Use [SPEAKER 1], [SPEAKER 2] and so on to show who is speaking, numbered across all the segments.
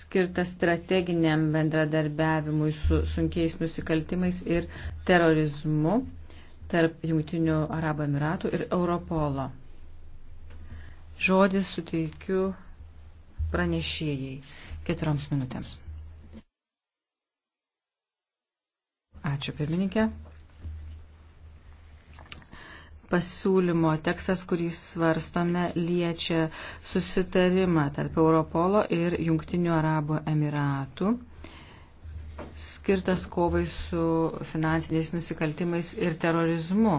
[SPEAKER 1] skirtas strateginiam bendradarbiavimui su sunkiais nusikaltimais ir terorizmu tarp Jungtinių Arabų Emiratų ir Europolo. Žodis suteikiu pranešėjai keturioms minutėms. Ačiū, pirmininkė pasiūlymo tekstas, kurį svarstome, liečia susitarimą tarp Europolo ir Junktinių Arabų Emiratų, skirtas kovai su finansiniais nusikaltimais ir terorizmu.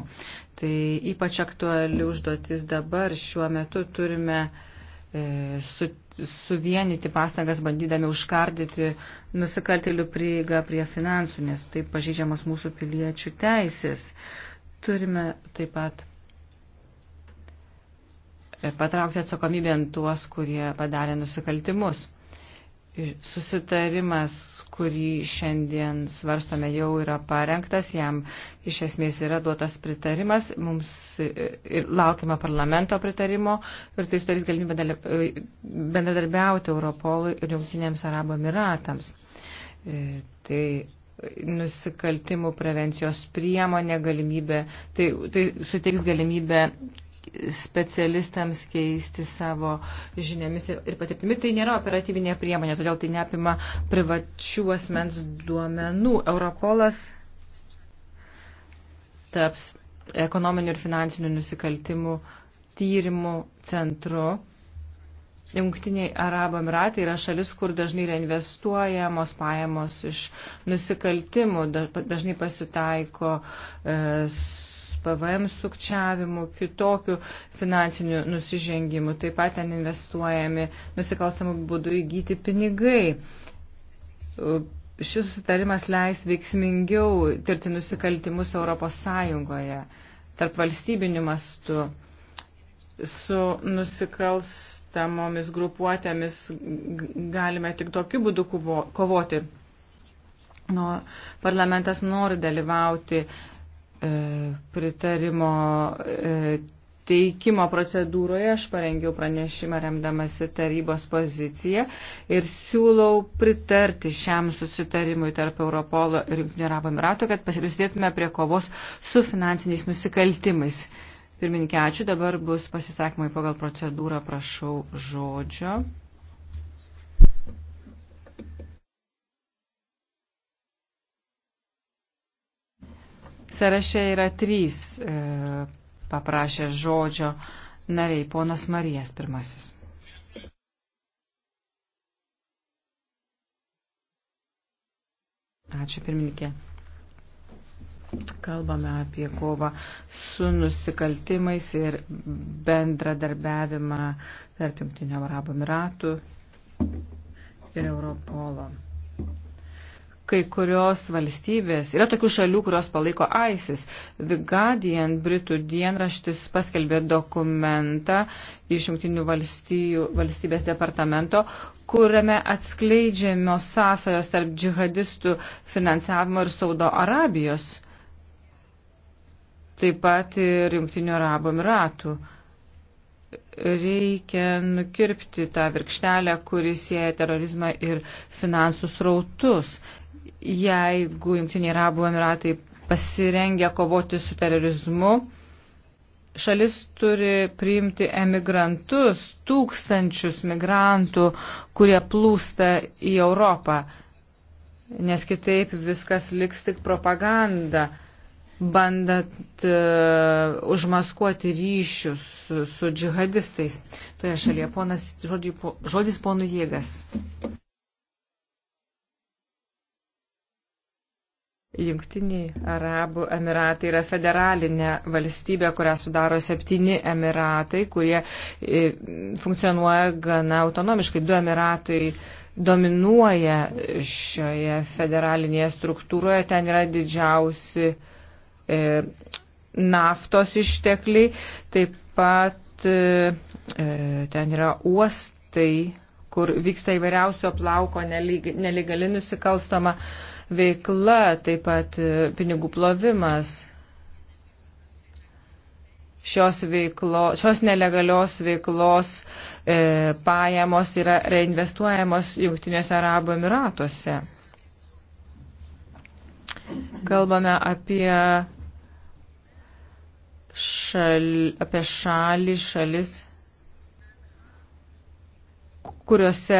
[SPEAKER 1] Tai ypač aktuali užduotis dabar, šiuo metu turime e, su, suvienyti pastangas, bandydami užkardyti nusikaltėlių prieigą prie finansų, nes taip pažydžiamos mūsų piliečių teisės. E, Turime taip pat patraukti atsakomybę ant tuos, kurie padarė nusikaltimus. Susitarimas, kurį šiandien svarstome, jau yra parengtas, jam iš esmės yra duotas pritarimas, mums laukiama parlamento pritarimo ir tai sudarys galimybę bendradarbiauti Europolui ir Jungtinėms Arabo Emiratams. E, tai nusikaltimų prevencijos priemonė, galimybė, tai, tai suteiks galimybę specialistams keisti savo žiniomis ir patirtimi. Tai nėra operatyvinė priemonė, todėl tai neapima privačių asmens duomenų. Europolas taps ekonominių ir finansinių nusikaltimų tyrimų centru Jungtiniai Arabų Emiratai yra šalis, kur dažnai reinvestuojamos pajamos iš nusikaltimų, dažnai pasitaiko e, PVM sukčiavimų, kitokių finansinių nusižengimų. Taip pat ten investuojami nusikalstamų būdų įgyti pinigai. Šis susitarimas leis veiksmingiau tirti nusikaltimus Europos Sąjungoje tarp valstybinių mastų su nusikalstamomis grupuotėmis galime tik tokiu būdu kovoti. Nu, parlamentas nori dalyvauti e, pritarimo e, teikimo procedūroje aš parengiau pranešimą remdamasi tarybos poziciją ir siūlau pritarti šiam susitarimui tarp Europolo ir Junktinio Arabų Emirato, kad pasirisėtume prie kovos su finansiniais nusikaltimais. Pirmininkė, ačiū. Dabar bus pasisakymai pagal procedūrą. Prašau žodžio. Sarašė yra trys e, paprašę žodžio nariai. Ponas Marijas pirmasis. Ačiū pirmininkė kalbame apie kovą su nusikaltimais ir bendradarbiavimą tarp Junktinio Arabų Emiratų ir Europolo. Kai kurios valstybės, yra tokių šalių, kurios palaiko ISIS. The Guardian, Britų dienraštis, paskelbė dokumentą iš Junktinių valstybės departamento, kuriame atskleidžiamos sąsajos tarp džihadistų finansavimo ir Saudo Arabijos. Uh, taip pat ir Junktinių Arabų Emiratų. Reikia nukirpti tą virkštelę, kuris sieja terorizmą ir finansų srautus. Jeigu Junktiniai Arabų Emiratai pasirengia kovoti su terorizmu, šalis turi priimti emigrantus, tūkstančius migrantų, kurie plūsta į Europą, nes kitaip viskas liks tik propaganda bandant uh, užmaskuoti ryšius su, su džihadistais toje šalyje. Ponas, žodžiu, po, žodis ponų jėgas. Jungtiniai Arabų Emiratai yra federalinė valstybė, kurią sudaro septyni Emiratai, kurie e, funkcionuoja gana autonomiškai. Du Emiratai dominuoja šioje federalinėje struktūroje, ten yra didžiausi uh, E, naftos ištekliai, taip pat e, e, ten yra uostai, kur vyksta įvairiausio plauko nelegali nusikalstama veikla, taip pat pinigų plovimas. Šios, veiklo, šios nelegalios veiklos e, pajamos yra reinvestuojamos Junktinėse Arabų Emiratuose. Kalbame apie, šal, apie šalį, šalis, kuriuose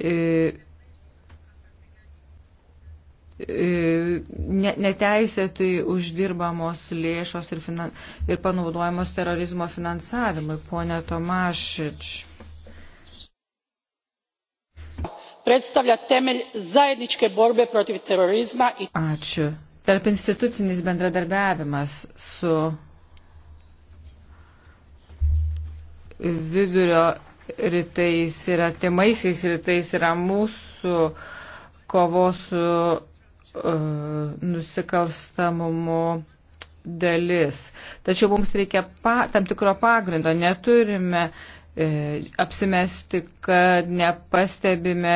[SPEAKER 1] e, e neteisėtai uždirbamos lėšos ir, finan, ir panaudojamos terorizmo finansavimui. Pone Tomašič. predstavlja temelj zajedničke borbe protiv terorizma i Ačiū. Tarp institucinis bendradarbiavimas su vidurio rytais ir atimaisiais rytais yra mūsų kovos su uh, nusikalstamumu dalis. Tačiau mums reikia pa, tam tikro pagrindo. Neturime uh, E, apsimesti, kad nepastebime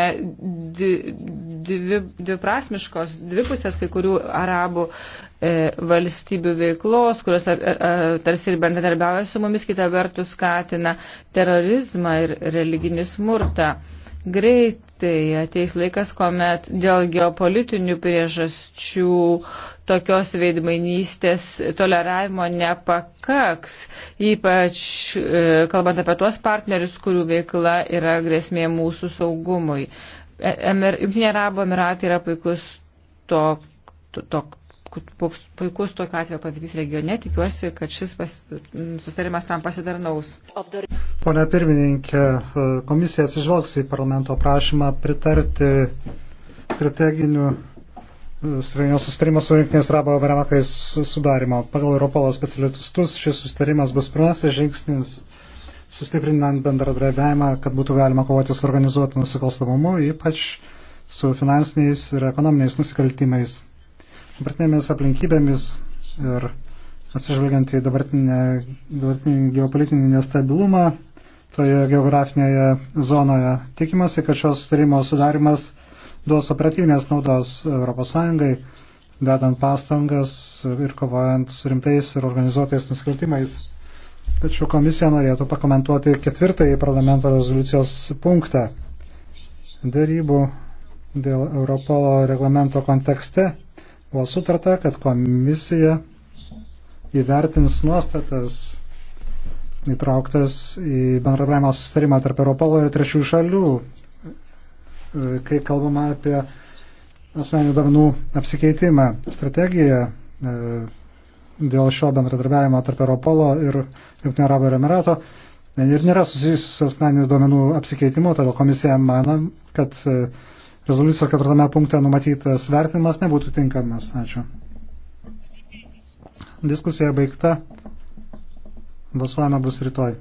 [SPEAKER 1] dviprasmiškos, dvi, dvi dvipusės kai kurių arabų e, valstybių veiklos, kurios a, e, a, e, tarsi ir bendradarbiauja su mumis, kita vertus skatina terorizmą ir religinį smurtą. E, Greitai ateis laikas, kuomet dėl geopolitinių priežasčių tokios veidmainystės toleravimo nepakaks, ypač e, kalbant apie tuos partnerius, kurių veikla yra grėsmė mūsų saugumui. E, Junktinė Arabo Emiratai yra puikus to, to, to, puikus tokio atveju pavyzdys regione, tikiuosi, kad šis pas, sustarimas tam pasidarnaus.
[SPEAKER 2] Pone pirmininkė, komisija atsižvelgs į parlamento prašymą pritarti strateginių strateginio sustarimo su Junktinės Arabo Emiratais sudarimo. Pagal Europolo specialistus šis sustarimas bus pirmasis žingsnis sustiprinant bendradarbiavimą, kad būtų galima kovoti su organizuotu nusikalstamumu, ypač su finansiniais ir ekonominiais nusikaltimais. Dabartinėmis aplinkybėmis ir atsižvelgiant į dabartinį geopolitinį nestabilumą toje geografinėje zonoje, tikimasi, kad šios sutarimo sudarimas duos operatyvinės naudos ES, dedant pastangas ir kovojant su rimtais ir organizuotais nusikaltimais. Tačiau komisija norėtų pakomentuoti ketvirtąjį parlamento rezoliucijos punktą. Darybų dėl Europolo reglamento kontekste Buvo sutarta, kad komisija įvertins nuostatas įtrauktas į bendradarbiavimo susitarimą tarp Europolo ir trečių šalių, kai kalbama apie asmeninių duomenų apsikeitimą. Strategija e, dėl šio bendradarbiavimo tarp Europolo ir Junktinio Arabų ir Emirato e, ir nėra susijusi su asmeninių duomenų apsikeitimu, todėl komisija mano, kad e, rezoliucijos ketvirtame punkte numatytas vertinimas nebūtų tinkamas. Ačiū. Diskusija baigta. Balsuojama bus rytoj.